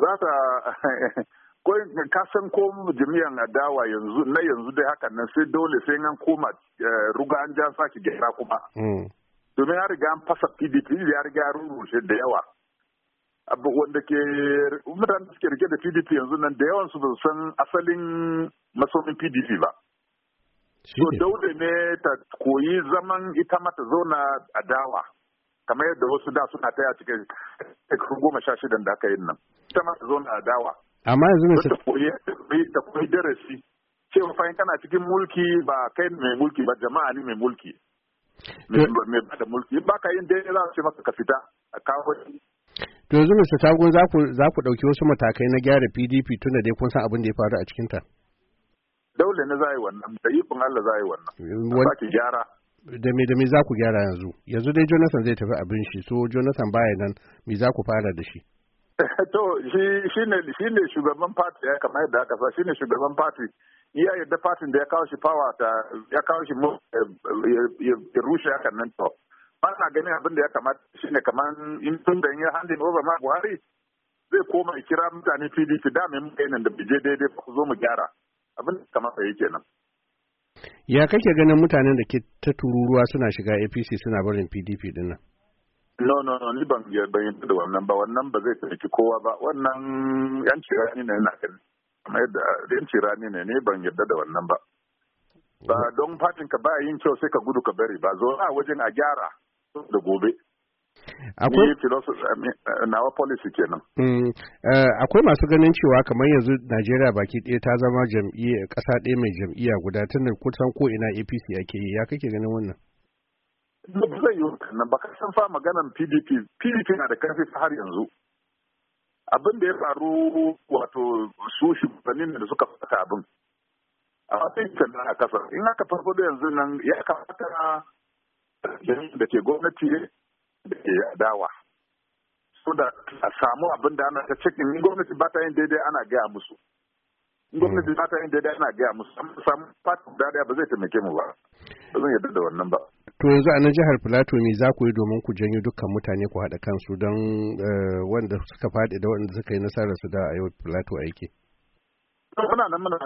za ta ka san ko jami'an adawa yanzu na yanzu dai hakan nan sai dole sai an koma eh, ruga an ja sake gyara kuma hmm. domin ya riga an fasa pdp ya riga ya rurrushe da yawa abu wanda ke mutane suke rike da pdp yanzu nan da yawan su ba san asalin masomin pdp ba so dole ne ta koyi zaman ita mata zauna adawa kamar yadda wasu da suna taya cikin shekaru goma sha shidan da aka yi nan ita ma ta zo a dawa amma yanzu mai ta koyi darasi cewa fahimta kana cikin mulki ba kai mai mulki ba jama'a ne mai mulki mai ba da mulki ba ka yin daidai za su ce maka ka fita a kawo to yanzu Mr. Tago za ku ɗauki wasu matakai na gyara PDP tunda dai kun san abin da ya faru a cikinta. Daule na za yi wannan, da kun Allah za yi wannan, za ki gyara. da me da me za ku gyara yanzu yanzu dai jonathan zai tafi abin shi so jonathan baya nan me za ku fara da shi to shi ne shugaban party ya kamar yadda aka sa shi ne shugaban party iya yadda party da ya kawo shi power ta ya kawo shi ya rushe haka nan to ba na ganin abin da ya kamata shi ne kamar in tun da ya handin over ma buhari zai koma kira mutane pdp da mai mutanen da bije daidai ku zo mu gyara abin da kamata yake nan ya kake ganin mutanen da ke ta tururuwa suna shiga apc suna barin pdp din nan no no no ni ban yarda da wannan ba wannan ba zai tafi kowa ba wannan yan ni ne na kan kamar yadda yan cirani ne ne ban yarda da wannan ba ba don fatin ka ba yin kyau sai ka gudu ka bari ba zo a wajen a gyara da gobe akwai eh, eh, eh, nawa policy kenan mm, akwai masu ganin cewa kamar yanzu Najeriya baki ɗaya ta zama jam'iyya ƙasa ɗaya mai jam'iyya guda tun kusan ko ina APC ake yi ya kake ganin wannan ba zai yi nan ba san fa maganan PDP PDP na da karfi har yanzu abin da ya faru wato su shugabannin da suka fata abin a matsayin canza a kasar in aka farko da yanzu nan ya kamata da ke gwamnati da ke dawa. so da a samu abin da ana ta cikin gwamnati ba ta yin daidai ana gaya musu gwamnati ba ta yin daidai ana gaya musu amma samu fata da daya ba zai taimake mu ba ba zan yarda da wannan ba to yanzu a nan jihar Filato me za ku yi domin ku janyo dukkan mutane ku haɗa kansu don eh, wanda suka faɗi da wanda suka yi nasarar su da a yau Filato aiki muna nan muna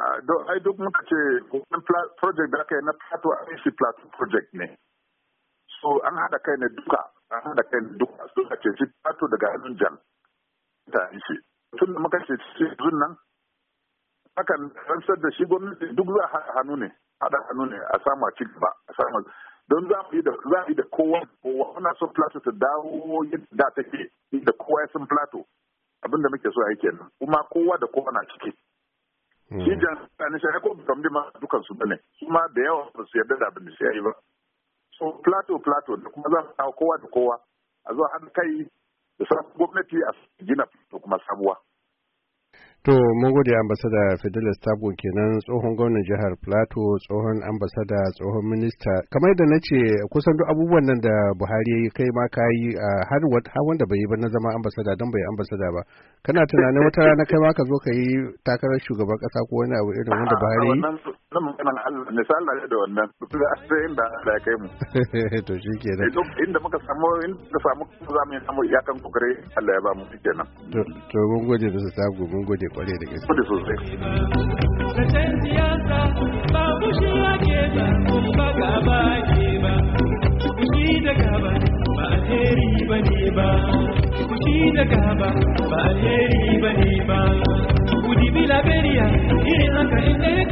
ai duk muka ce wannan project da aka yi na Plateau a Plateau project ne so an haɗa kai ne duka an haɗa kai duk suka ceci fato daga hannun jan ta shi tun da muka ceci yanzu nan hakan rantsar da shi gwamnati duk za a hannu ne haɗa hannu ne a samu a cigaba a samu don za mu yi da za yi da kowa kowa muna son plato ta dawo yadda take da kowa ya san plato abin da muke so a yi kenan kuma kowa da kowa na ciki shi jan tsanisha ya ko bitamdi ma dukansu bane kuma da yawa ba su yarda da abin da shi ya yi ba so plato plato da kuma za su kowa da kowa a zuwa haɗa kai da sabon gwamnati a gina plato kuma sabuwa To, mun gode ambasada Fidelis Tabo kenan tsohon gwamnan jihar Plateau, tsohon ambasada, tsohon minista. Kamar da na ce kusan duk abubuwan nan da Buhari ya yi kai ma ka yi har wanda bai yi ba na zama ambasada don bai ambasada ba. Kana tunanin wata rana kai ma ka zo ka yi takarar shugaban kasa ko wani abu irin wanda Buhari ya yi? Nan maganan Allah ne sai Allah da wannan. Sai inda Allah ya kai mu. To shi kenan. Eh, inda muka samu inda samu za mu yi samu iyakan kokare Allah ya ba mu kenan. To mun gode su sabu mun gode kware da gaske da sosai siyasa ba fushi ake ba ba gaba ke ba fushi da gaba ba alheri ba ne ba fushi da gaba ba alheri ba ne ba kudi bi laberiya irin haka inda ya